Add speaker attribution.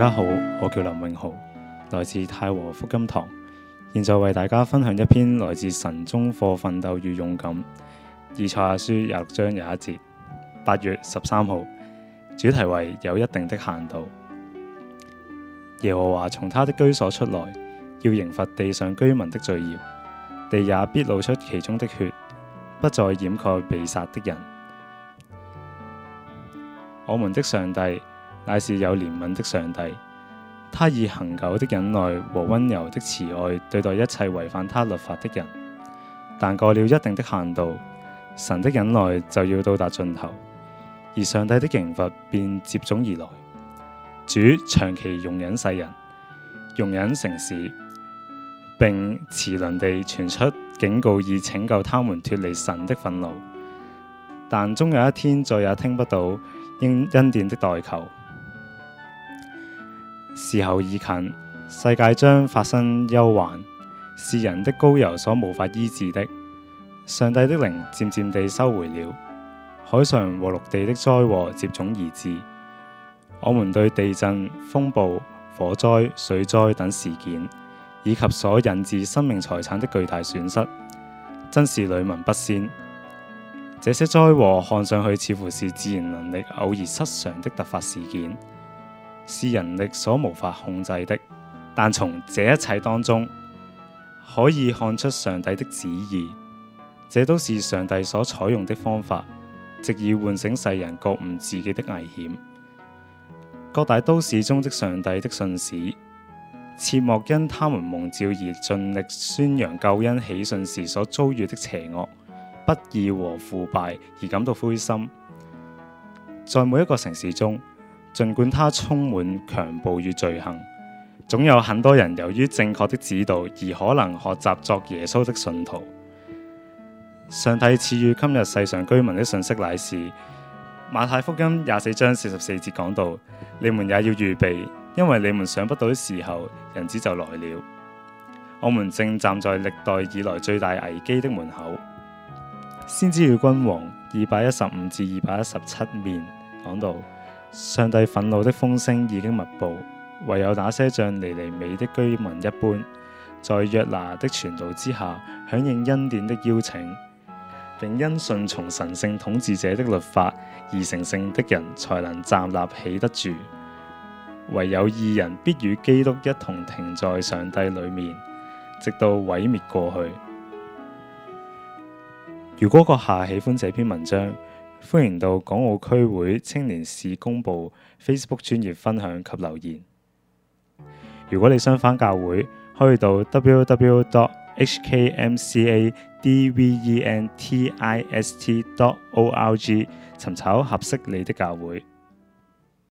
Speaker 1: 大家好，我叫林永豪，來自太和福音堂，現在為大家分享一篇來自神中課《奮鬥與勇敢》以賽亞書二十六章二十一節，八月十三號，主題為有一定的限度。耶和華從他的居所出來，要刑罰地上居民的罪孽，地也必露出其中的血，不再掩蓋被殺的人。我們的上帝。乃是有憐憫的上帝，他以恒久的忍耐和溫柔的慈愛對待一切違反他律法的人，但過了一定的限度，神的忍耐就要到達盡頭，而上帝的刑罰便接踵而來。主長期容忍世人，容忍城市，並慈憫地傳出警告以拯救他們脫離神的憤怒，但終有一天再也聽不到因恩典的代求。時候已近，世界將發生憂患，是人的高油所無法醫治的。上帝的靈漸漸地收回了，海上和陸地的災禍接踵而至。我們對地震、風暴、火災、水災等事件，以及所引致生命財產的巨大損失，真是屢聞不鮮。這些災禍看上去似乎是自然能力偶爾失常的突發事件。是人力所無法控制的，但從這一切當中可以看出上帝的旨意。這都是上帝所採用的方法，藉以喚醒世人覺悟自己的危險。各大都市中的上帝的信使，切莫因他們蒙召而盡力宣揚救恩喜訊時所遭遇的邪惡、不義和腐敗而感到灰心。在每一個城市中，儘管他充滿強暴與罪行，總有很多人由於正確的指導而可能學習作耶穌的信徒。上帝賜予今日世上居民的信息，乃是《馬太福音》廿四章四十四節講道：你們也要預備，因為你們想不到的時候，人子就來了。我們正站在歷代以來最大危機的門口。先知與君王二百一十五至二百一十七面講道。上帝憤怒的風聲已經密布，唯有那些像尼尼微的居民一般，在約拿的傳道之下，響應恩典的邀請，並因順從神聖統治者的律法而成聖的人，才能站立起得住。唯有義人必與基督一同停在上帝裏面，直到毀滅過去。如果閣下喜歡這篇文章。歡迎到港澳區會青年事工部 Facebook 專頁分享及留言。如果你想返教會，可以到 www.hkmcadventist.org 尋找合適你的教會。